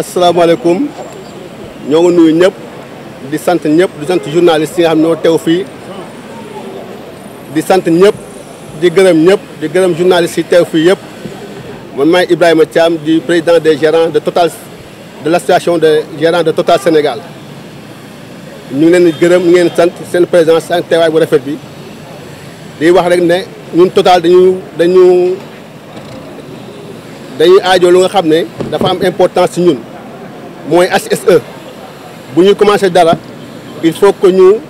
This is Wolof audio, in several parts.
c'est bon ñoo ngi nuyu ñëpp di sant ñëpp di sant journaliste yi ñoo teew fii di sant ñëpp di gërëm ñëpp di gërëm journaliste si teew fii yëpp man maay Ibrahima Thiam di président des gérants de Total de l'association des gérants de Total Sénégal ñu ngi leen di gërëm ngeen sant seen présence ak teewaay bu rafet bi di wax rek ne ñun Total dañu. dañuy aajo lu nga xam ne dafa am importance ci ñun mooy HSE bu ñuy commencé dara il faut que ñu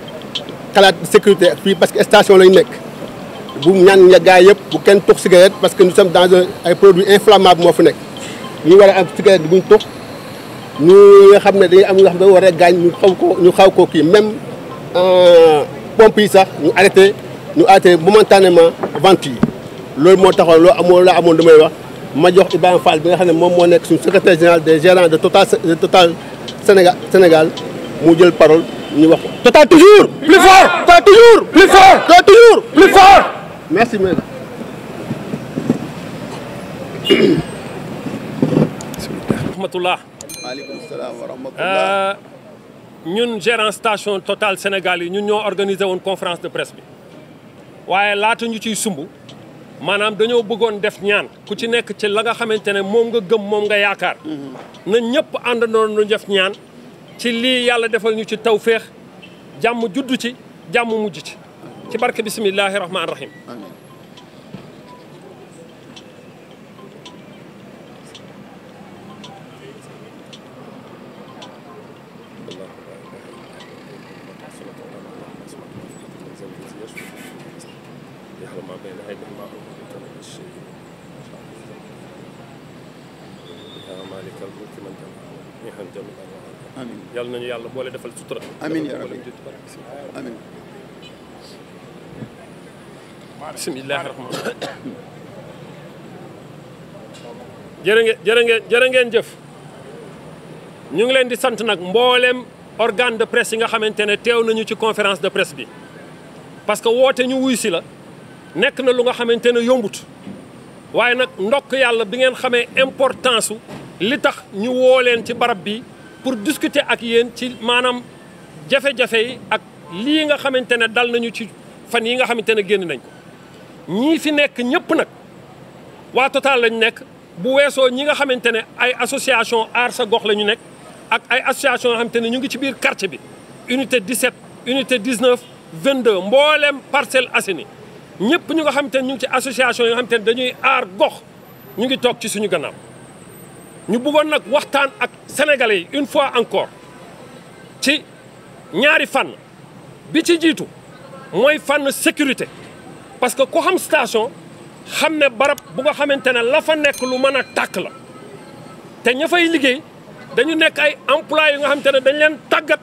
kalaat sécurité fii parce que station lañ nekk bu ñaan ya gaay yëpp bu kenn tux cigarette parce que nous sommes dans ay produit inflammables moo fi nekk ñu war a am cigarette bu ñu tux ñu nga xam ne dañuy am nga xam ne war a gaañ ñu xaw ko kii même euh, pompe yi sax ñu arrêté ñu arrêté momentanément vente yi loolu moo taxoon loo amoon laa amoon damay wax ma jox Ibrahima Fall bi nga xam ne moom moo nekk suñu secrétaire général des gérants de Total de Total Sénégal Sénégal mu jël parole ñu wax ko. Total toujours. plus fort Total toujours. plus fort Total toujours. plus fort. merci beaucoup. rahmatullah. maaleykum salaam wa rahmatullah. Euh, ñun gérant station Total Sénégal yi ñun ñoo organisé woon conférence de presse bi waaye laata ñu ciy sumb. maanaam dañoo bëggoon def ñaan ku ci nekk ci la nga xamante ne moom nga gëm moom nga yaakaar mm-hmm. na ñëpp àndandoo nu def ñaan ci lii yàlla defañu ñu ci tawféex jàmm juddu ci jàmm mujj ci ci barke bisimillahi rahmaani rahim jàmm amiin yàlla nañu yàlla defal sutura amiin yaa rabbi amiin bismillaahi rahmaani rahiim jërë ngeen ngeen jëf ñu ngi leen di sant nag mboolem organe de presse yi nga xamante ne teew nañu ci conférence de presse bi parce que woote ñu wuy si la nekk na lu nga xamante ne yombut waaye nag ndokk yàlla bi ngeen xamee importance su li tax ñu woo leen ci barab bi pour discuter ak yéen ci maanaam jafe-jafe yi ak lii nga xamante ne dal nañu ci fan yi nga xamante ne génn nañ ko ñii fi nekk ñëpp nag waa Total lañu nekk bu weesoo ñi nga xamante ne ay association aar sa gox la ñu nekk ak ay association yoo xamante ne ñu ngi ci biir quartier bi unité 17 unité 19 22 mboolem Parcelles Assainies ñëpp ñu nga xamante ne ñu ngi ci association yoo xamante ne dañuy aar gox ñu ngi toog ci suñu gannaaw ñu buggoon nag waxtaan ak sénégalais yi une fois encore ci ñaari fànn bi ci jiitu mooy fànn sécurité parce que ku xam station xam ne barab bu nga xamante ne la fa nekk lu mën a tàkk la te ña fay liggéey dañu nekk ay employés yu nga xamante ne dañ leen tàggat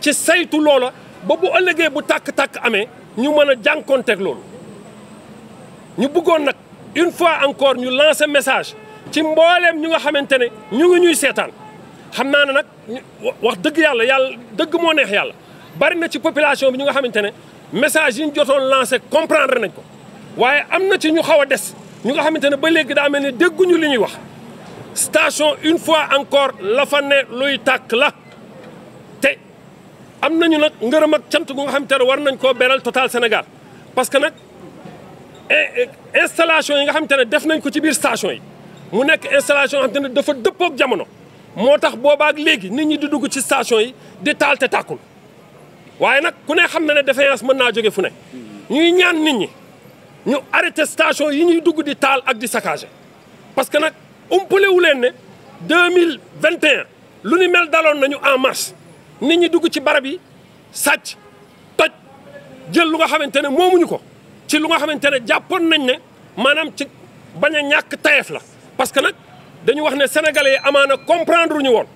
ci saytu loola ba bu ëllëgee bu tàkk-tàkk amee ñu mën a jànkoonteeg loolu ñu buggoon nag une fois encore ñu lancer message ci mbooleem ñu nga xamante ne ñu ngi ñuy seetaan xam naa ne nag wax dëgg yàlla yàlla dëgg moo neex yàlla bari na ci population bi ñu nga xamante ne message yi ñu jotoon lancé comprendre nañ ko waaye am na ci ñu xaw a des ñu nga xamante ne ba léegi daa mel ne dégguñu li ñuy wax station une fois encore la fa ne tàkk la te am nañu nag ngërëm ak cant gu nga xamante ne war nañ koo beral Total Sénégal parce que nag installation yi nga xamante ne def nañ ko ci biir station yi mu nekk installation xam te ne dafa dëppook jamono moo tax boobaak léegi nit ñi di dugg ci station yi di taal te tàkkul waaye nag ku ne xam na ne défaillance mën naa jóge fu ne ñuy ñaan nit ñi ñu arrêté station yi ñuy dugg di taal ak di saccagé parce que nag umpale wu leen ne deux mille vingt et lu ni mel daloon nañu en mars nit ñi dugg ci barab yi sàcc toj jël lu nga xamante ne moomuñu ko ci lu nga xamante ne jàppoon nañ ne maanaam ci bañ a ñàkk tayeef la. parce que nag dañu wax ne sénégalais yi amaana comprendre ñu woon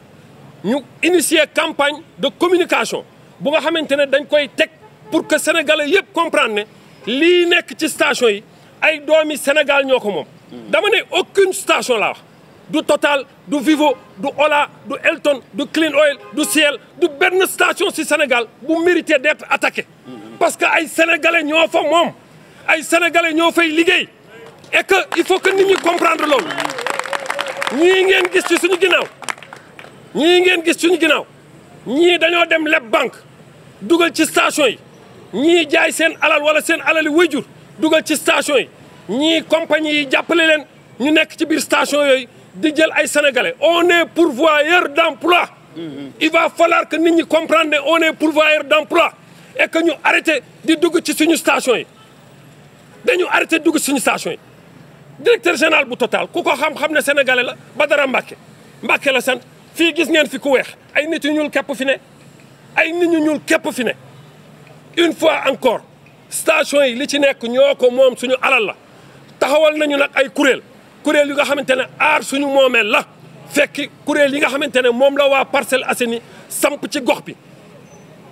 ñu initier campagne de communication bu nga xamante ne dañ koy teg pour que sénégalais yëpp comprendre ne lii nekk ci station yi ay doomi Sénégal ñoo ko moom. dama ne aucune station laa du Total du Vivo du Ola du Elton du Clean Oil du Ciel du benn station ci Sénégal bu mérité d'être attaque parce que ay sénégalais ñoo fa moom ay sénégalais ñoo fay liggéey. et que il faut que nit ñi comprendre loolu ñii ngeen gis ci suñu ginnaaw ñu ngeen gis suñu ginnaaw ñii dañoo dem leb banque dugal ci station yi ñii jaay seen alal wala seen alali wayjur dugal ci station yi ñii compagnie yi jàppale leen ñu nekk ci biir station yooyu di jël ay sénégalais on est pourvoyeur d'emploi mm-hmm. il va falloir que nit ñi comprendre ne on est pourvoyeur d'emploi et que ñu arrêté di dugg ci suñu station yi dañu arrêté dugg ci suñu station yi directeur général bu totaal ku ko xam-xam ne sénégalais la Badara Mbacke Mbacke la sant fii gis ngeen fi ku weex ay nit yu ñuul képp fi ne ay nit ñu ñuul képp fi ne une fois encore station yi li ci nekk ñoo ko moom suñu alal la taxawal nañu nag ay kuréel kuréel yi nga xamante ne aar suñu moomeel la fekk kuréel yi nga xamante ne moom la waa Parcelles Assainies samp ci gox bi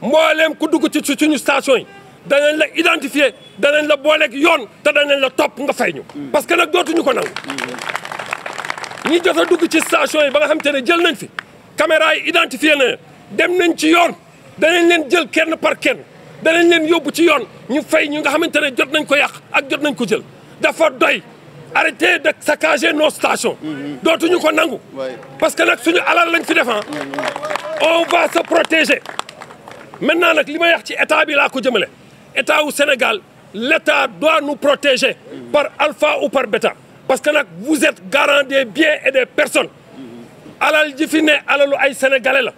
mbooleem ku dugg ci suñu station yi danañ la identifier danañ la booleeg yoon te danañ la topp nga fay ñu. parce que nag dootuñu ko nangu. ñi jot a dugg ci station yi ba nga xam te ne jël nañ fi caméra yi identifier na dem nañ ci yoon danañ leen jël kenn par kenn danañ leen yóbbu ci yoon ñu fay ñu nga xamante ne jot nañ ko yàq ak jot nañ ko jël dafa doy. arrêtez de saccager nos stations. dootuñu ko nangu. parce que nag suñu alal lañ fi defan ah. on va se protéger maintenant nag li ma wax ci état bi ko jëmale. état wu Sénégal l' état doit nous protéger par alpha ou par bêta parce que nag vous êtes garant des biens et des personnes alal ji fi ne alalu ay sénégalais la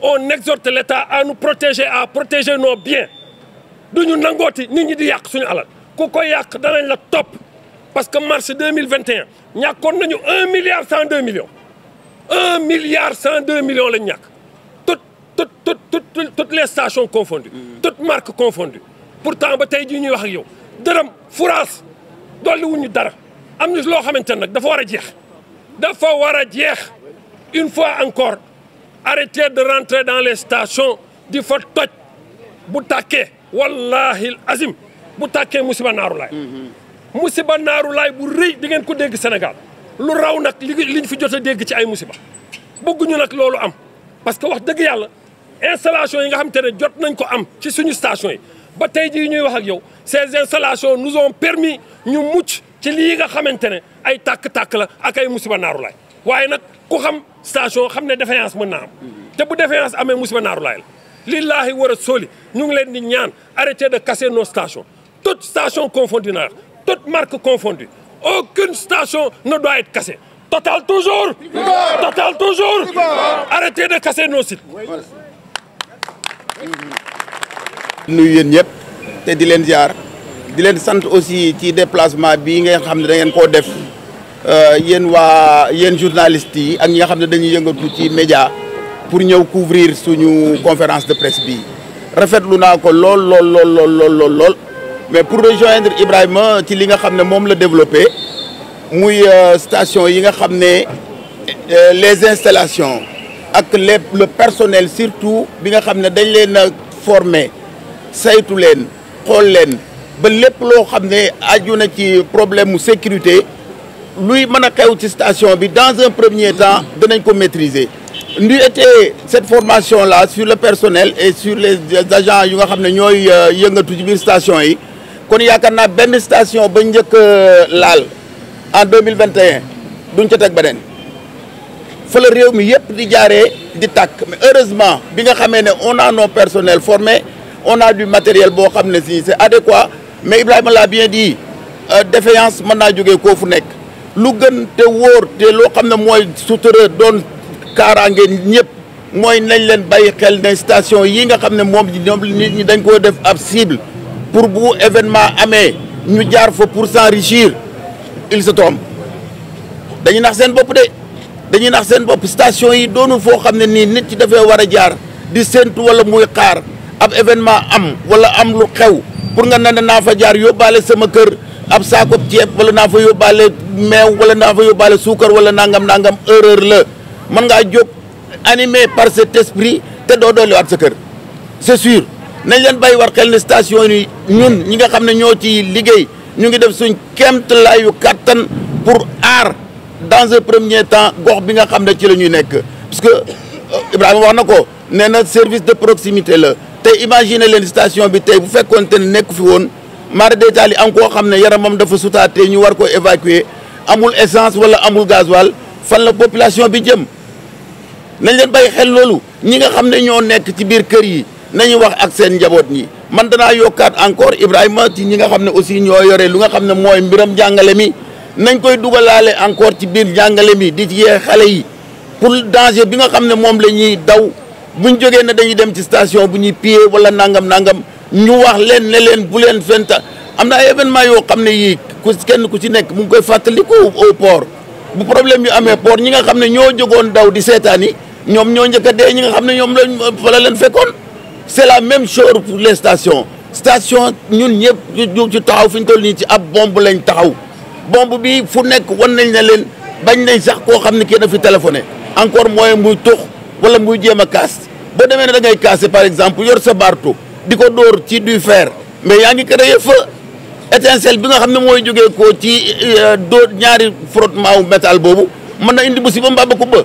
on exhorte l' état à nous protéger à protéger nos biens du ñu nangooti nit ñi di yàq suñu alal ku ko yàq danañ la topp parce que mars deux mille vingt et ñàkkoon nañu un milliard cent deux millions un milliard cent deux millions lañ ñàkk toutes toutes toutes toutes toutes les stations pourtant ba tey jii ñuy wax yow dërëm France dolli wuñu dara am na loo xamante ne nag dafa war a jeex dafa war a jeex une fois encore arrêtez de rentrer dans les stations di fa toj bu tàkkee wallahi azim bu tàkkee musiba naaru laay mm-hmm. musiba naaru laay bu rëy di ngeen ko dégg Sénégal lu raw nag li liñ fi jot a dégg ci ay musiba bëgguñu nag loolu am parce que wax dëgg yàlla installation yi nga xam te ne jot nañ ko am ci suñu station yi ba tey jii ñuy wax ak yow ces installations nous ont permis ñu mucc ci lii nga xamante ne ay tàkk-tàkk la ak ay musiba naaru laay waaye nag ku xam station xam ne défaillance mën naa am te bu défaillance amee musiba naaru laay la lillaahi war a sóoli ñu ngi leen di ñaan arrêtez de casser nos stations toute station confondue na toute marque confondue aucune station ne doit être cassée Total toujours Total de casser nos sites nu yéen ñëpp te di leen jaar di leen sant aussi ci déplacement bi ngeen xam ne da ngeen koo def euh, yéen waa yéen journalistes yi ak ñi nga xam ne dañuy yëngatu ci média pour ñëw couvrir suñu conférence de presse bi rafetlu naa ko lool lool lool lool lool lool mais pour rejoindre Ibrahima ci li nga xam ne moom la développé muy euh, station yi nga xam ne euh, les installations ak les le personnel surtout bi nga xam ne dañ leen a formé saytu leen xool leen ba lépp loo xam ne aju na ci problème mu sécurité luy mën a xew ci station bi dans un premier temps danañ ko maîtriser. ndu était cette formation la sur le personnel et sur les agents yu nga xam ne ñooy euh, yëngatu ci biir station yi kon yaakaar naa benn station ba njëkk euh, laal en deux mille vingt et duñ ca teg beneen fa réew mi yëpp di jaaree di tàkk mais heureusement bi nga xamee ne on a nos personnels on a du matériel boo xam ne si c'est adéquat mais Ibrahima l'a bien di euh, défaillance mën naa jógee koo fu nekk lu gën te wóor te loo xam ne mooy sutura doon kaaraange ñëpp mooy nañ leen bàyyi xel ne station yi nga xam ne moom ñoom nit dañ koo def ab cible pour bu événement amee ñu jaar fa pour s'enrichir il se trompe dañuy nax seen bopp de dañuy nax seen bopp station yi doonul foo xam ne nii nit ci dafee war a jaar di séentu wala muy xaar ab événement am wala am lu xew pour nga ne naa fa jaar yóbbaale sama kër ab saako ceeb wala naa fa yóbbaale meew wala naa fa yóbbaale suukar wala nangam nangam erreur la mën ngaa jóg animé par cet esprit te doo dolliwaat sa kër c'est sûr nañ leen bàyyi war xel ne station yi ñun ñi nga xam ne ñoo ci liggéey ñu ngi def suñ kéemtalaayu tan pour aar dans un premier temps gox bi nga xam ne ci la ñuy nekk parce que euh, Ibrahima wax na ko nee na service de proximité la tey imaginer leen station bi tey bu fekkoonte ne nekk fi woon mara détail yi am koo xam ne yaramam dafa sutaatee ñu war ko évacuer amul essence wala amul gasoil fan la population bi jëm nañ leen bàyyi xel loolu ñi nga xam ne ñoo nekk ci biir kër yi nañu wax ak seen njaboot ñi man danaa yokkaat encore Ibrahima ci ñi nga xam ne aussi ñoo yore lu nga xam ne mooy mbiram jàngale mi nañ koy dugalaale encore ci biir jàngale mi di ci xale yi pour danger bi nga xam ne moom la ñuy daw buñ jógee ne dañuy dem ci station bu ñuy piller wala nangam nangam ñu wax leen ne leen bu leen ta am na ay événement yoo xam ne yii ku kenn ku ci nekk mu ngi koy fàttaliku au port bu problème yu amee port ñi nga xam ne ñoo jógoon daw di seetaan yi ñoom ñoo njëkk a dee ñi nga xam ne ñoom lañ fa la leen fekkoon c'est la même chose pour les stations station ñun ñëpp ñu ci taxaw fi ñu toll ci ab bombe lañ taxaw bomb bi fu nekk wan nañ ne leen bañ nañ sax koo xam ne kenn fi téléphoné encore mooy muy tux wala muy jéem a kaas boo demee na da ngay kaase par exemple yor sa baartu di ko dóor ci du fer mais yaa ngi créé fa étincelle bi nga xam ne mooy jógee koo ci euh, dóor ñaari frottement wu métal boobu mën na indi musiba mbaa ba kubba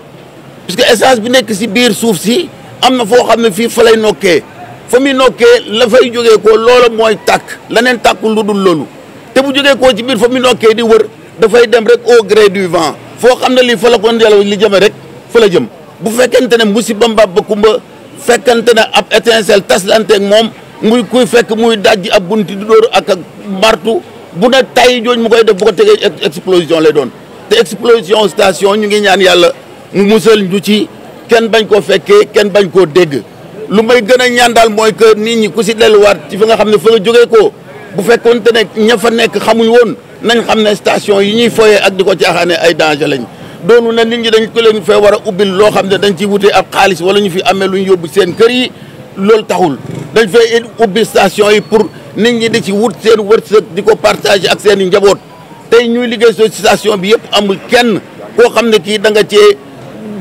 puisque essence bi nekk si biir suuf si am na foo xam ne fii fa lay nokkee fa muy nokkee la fay jógee koo loola mooy tàkk leneen tàkkul lu du loolu te bu jógee koo ci biir fa muy nokkee di wër dafay dem rek o gré du vent foo xam ne lii fa la li jëme rek fa la jëm bu fekkente ne musiba mbàbba kumba fekkente ne ab étincelle taslanteeg moom muy kuy fekk muy dajji ab bunt di dóor ak ak martu bu ne tay jooñ mu koy def bu ko tegee explosion lay doon te explosion station ñu ngi ñaan yàlla mu musal ñu ci kenn bañ koo fekkee kenn bañ koo dégg lu may gën a ñaan daal mooy que nit ñi ku si delluwaat ci fi nga xam ne fa la jógee ko bu fekkonte ne ña fa nekk xamuñ woon nañ xam ne station yi ñuy foyee ak di ko caaxaane ay danger lañ doonu na nit ñi dañ ko leen fee war a ubbil loo xam ne dañ ci wute ab xaalis wala ñu fi amee lu ñu yóbbu seen kër yi loolu taxul dañ fay ubbi station yi pour nit ñi di ci wut seen wërsëg di ko partager ak seen i njaboot tey ñuy liggéey so station bi yëpp amul kenn koo xam ne kii da nga cee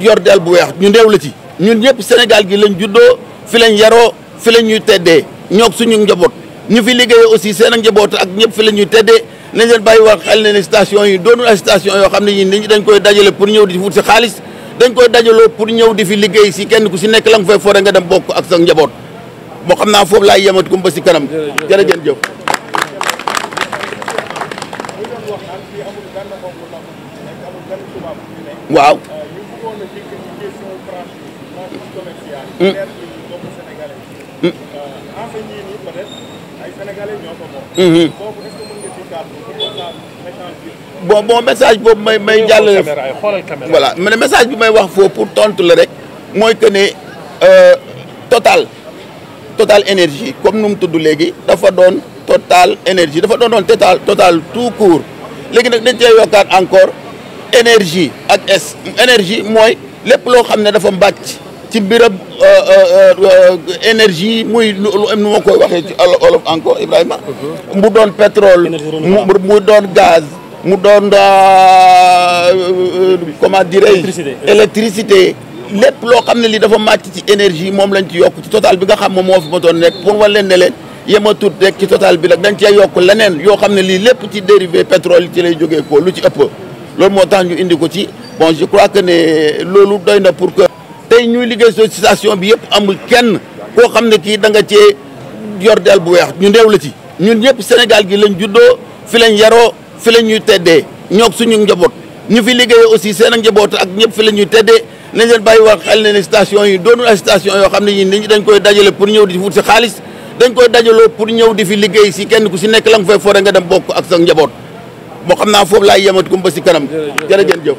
yor del bu weex ñu néew la ci ñun ñëpp Sénégal gi lañ juddoo fi lañ yaroo fi la ñuy teddee ñoog suñu njaboot ñu fi liggéeyee aussi seen njaboot ak ñëpp fi la ñuy teddee nañ leen bàyyi wax xel ne ne station yi doonul ay station yoo xam ne ñi nit ñi dañ koy dajale pour ñëw di wut si xaalis dañ koy dajaloo pour ñëw di fi liggéey si kenn ku si nekk la nga fay fore nga dem bokk ak sa njaboot boo xam naa foofu laay yemat kum ba si kanam jërëjëf jëf waaw Sénégalais mm. mm-hmm. mm-hmm. bon bon message boobu may may jàllale voilà mais message bi may wax foofu pour tontu la rek mooy que ne euh, total total énergie comme nu mu tudd léegi dafa doon total énergie dafa doon total total tout court léegi nag dañ cee yokkaat encore énergie ak S énergie mooy lépp loo xam ne dafa mbàcc ci mbirab euh, euh, énergie muy lu nu ma koy waxee ci olof encore Ibrahima mu doon pétrole mu doon gaz mu doon euh, euh, comment dirais-je électricité lépp loo xam ne li dafa màcc ci énergie moom lañ ci yokk ci total bi nga xam moom moo fi ma doon nekk pour wa leen ne leen yematut rek ci total bi nag dañ cee yokk leneen yoo xam ne lii lépp ci dérivé pétrole ci lay jógee ko lu ci ëpp loolu moo tax ñu indi ko ci bon je crois que ne loolu doy na pour que tey ñuy liggéey so station bi yëpp amul kenn koo xam ne kii da nga cee yor del bu weex ñu néew la ci ñun ñëpp Sénégal gi lañ juddoo fi lañ yaroo fi la ñuy teddee ñoog suñu njaboot ñu fi liggéey aussi seen ak njaboot ak ñëpp fi la ñuy teddee nañ leen bàyyi wax xel ne station yi doonul ay station yoo xam ne ñu dañ koy dajale pour ñëw di wut si xaalis dañ koy dajaloo pour ñëw di fi liggéey si kenn ku si nekk la nga fay fore nga dem bokk ak sa njaboot boo xam naa foofu laay yemat kum ba si kanam jërëjëf jëf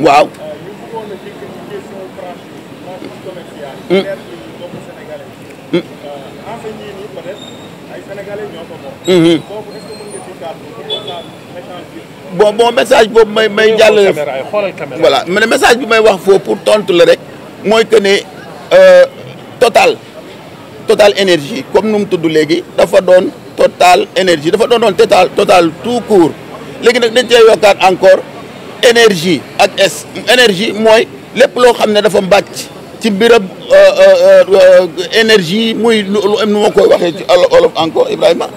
waaw Mhm. bon bon message boobu may may jàllale. voilà ma ne message bi may wax foofu pour tontu la rek mooy que ne euh, total total énergie comme nu mu tudd léegi dafa doon total énergie dafa doon doon total total tout court léegi nag dañ cee yokkaat encore énergie ak S énergie mooy lépp loo xam ne dafa mbàcc ci mbiram. Euh, euh, euh, énergie muy lu nu ma koy waxee ci olof encore Ibrahima.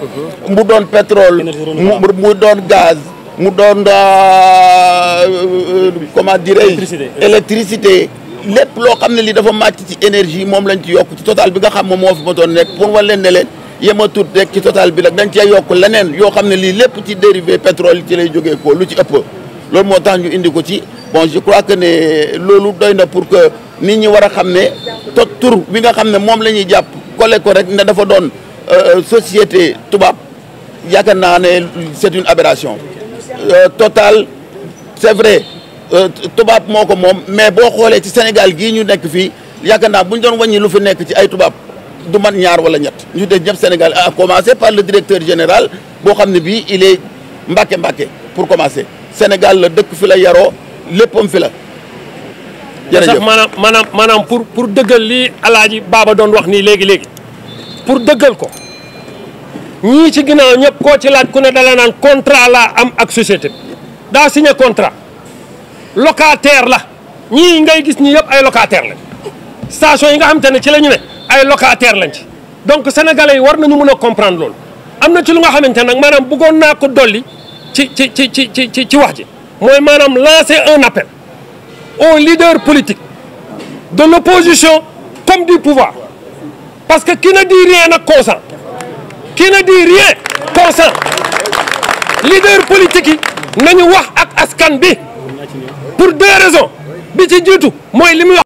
mu doon pétrole. mu doon gaz. mu doon comment dirais-je. électricité lépp loo xam ne li dafa màcc ci énergie moom lañ ci yokk ci total bi nga xam moom moo fi doon nekk pour wa leen ne leen yematut rek ci total bi nag dañ cee yokk leneen yoo xam ne lii lépp ci dérivé pétrole ci lay joge ko lu ci ëpp. loolu moo tax ñu indi ko ci bon je crois que ne loolu doy na pour que. nit ñi war a xam ne tot tur bi nga xam ne moom la ñuy jàpp kole ko rek ne dafa doon euh, euh, société tubaab yaakaar naa ne c'est une aberration euh, Total c'est vrai tubaab moo ko moom mais boo xoolee ci Sénégal gii ñu nekk fii yaakaar naa bu ñu doon wàññi lu fi nekk ci ay tubaab du man ñaar wala ñett ñu def ñëpp Sénégal à commencer par le directeur général boo xam ne bii il est Mbàkke Mbàkke pour commencer Sénégal la dëkk fi la yaroo léppam fi la sax maanaam maanaam maanaam pour pour dëggal lii alaaji baaba doon wax nii léegi léegi pour dëggal ko ñii ci ginnaaw ñëpp ko ci laaj ku ne dala naan contrat la am ak société daa signé contrat locataire la ñii ngay gis ñi yëpp ay locataire lañ station yi nga xam te ne ci lañu ne ay locataire lañ ci donc sénégalais yi war nañu mun a comprendre loolu am na ci lu nga xamante nag maanaam bëggoon naa ko dolli ci ci ci ci ci ci wax ji mooy maanaam lancer un appel oo leader politique de l'opposition comme du pouvoir. Parce que kii ne dit rien n'a consent. kii ne dit rien consent. Leader politique, nous avons askan bi pour deux raisons. Bi ci jitu moy limi